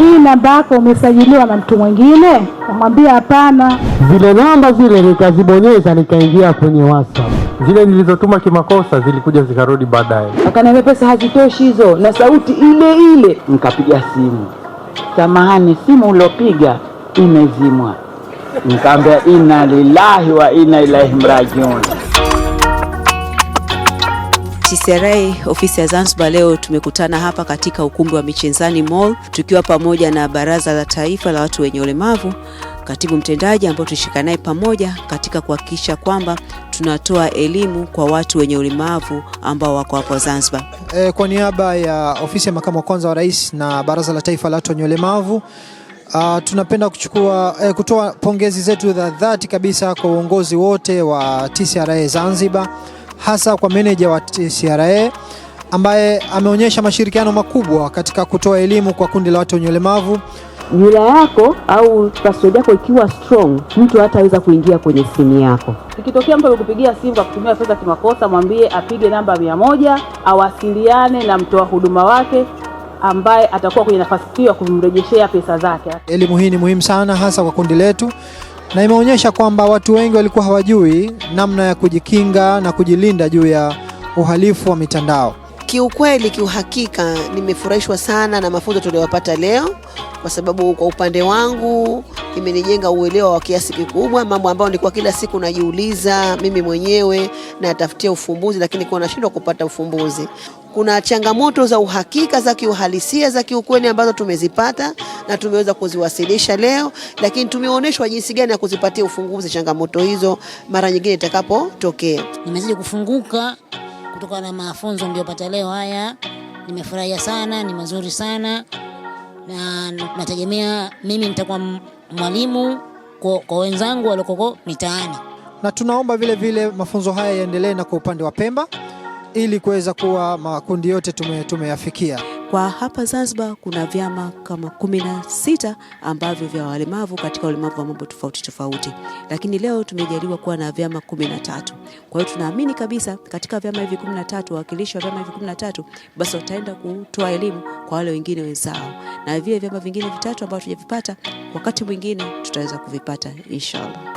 hii namba yako umesajiliwa na mtu mwingine? kamwambia hapana. Zile namba zile nikazibonyeza, nikaingia kwenye WhatsApp. Zile nilizotuma kimakosa zilikuja zikarudi baadaye, akaniambia pesa hazitoshi hizo, na sauti ile ile. Nikapiga simu, samahani, simu uliopiga imezimwa. Nikaambia inna lillahi wa inna ilaihi rajiun. TCRA ofisi ya Zanzibar leo tumekutana hapa katika ukumbi wa Michenzani Mall tukiwa pamoja na Baraza la Taifa la Watu wenye Ulemavu, katibu mtendaji ambao tulishika naye pamoja katika kuhakikisha kwamba tunatoa elimu kwa watu wenye ulemavu ambao wako hapo Zanzibar. E, kwa niaba ya ofisi ya makamu wa kwanza wa rais na Baraza la Taifa la Watu wenye Ulemavu Uh, tunapenda kuchukua eh, kutoa pongezi zetu za dhati kabisa kwa uongozi wote wa TCRA Zanzibar hasa kwa meneja wa TCRA ambaye ameonyesha mashirikiano makubwa katika kutoa elimu kwa kundi la watu wenye ulemavu. Nywila yako au password yako ikiwa strong, mtu hataweza kuingia kwenye simu yako. Ikitokea mtu amekupigia simu kwa kutumia pesa kimakosa, mwambie apige namba mia moja awasiliane na mtoa huduma wake ambaye atakuwa kwenye nafasi hiyo ya kumrejeshea pesa zake. Elimu hii ni muhimu sana, hasa kwa kundi letu na imeonyesha kwamba watu wengi walikuwa hawajui namna ya kujikinga na kujilinda juu ya uhalifu wa mitandao. Kiukweli, kiuhakika nimefurahishwa sana na mafunzo tuliyopata leo, kwa sababu kwa upande wangu imenijenga uelewa wa kiasi kikubwa, mambo ambayo nilikuwa kila siku najiuliza mimi mwenyewe natafutia ufumbuzi, lakini kwa nashindwa kupata ufumbuzi. Kuna changamoto za uhakika za kiuhalisia za kiukweli ambazo tumezipata na tumeweza kuziwasilisha leo, lakini tumeonyeshwa jinsi gani ya kuzipatia ufunguzi changamoto hizo mara nyingine itakapotokea. Nimezidi kufunguka kutokana na mafunzo niliyopata leo haya. Nimefurahia sana, ni mazuri sana na nategemea mimi nitakuwa mwalimu kwa, kwa wenzangu walokoko mitaani, na tunaomba vile vile mafunzo haya yaendelee na kwa upande wa Pemba ili kuweza kuwa makundi yote tumeyafikia tume kwa hapa Zanzibar kuna vyama kama kumi na sita ambavyo vya walemavu katika ulemavu wa mambo tofauti tofauti, lakini leo tumejaliwa kuwa na vyama kumi na tatu. Kwa hiyo tunaamini kabisa katika vyama hivi kumi na tatu, wawakilishi wa vyama hivi kumi na tatu basi wataenda kutoa elimu kwa wale wengine wenzao, na vile vyama vingine vitatu ambavyo tujavipata, wakati mwingine tutaweza kuvipata inshallah.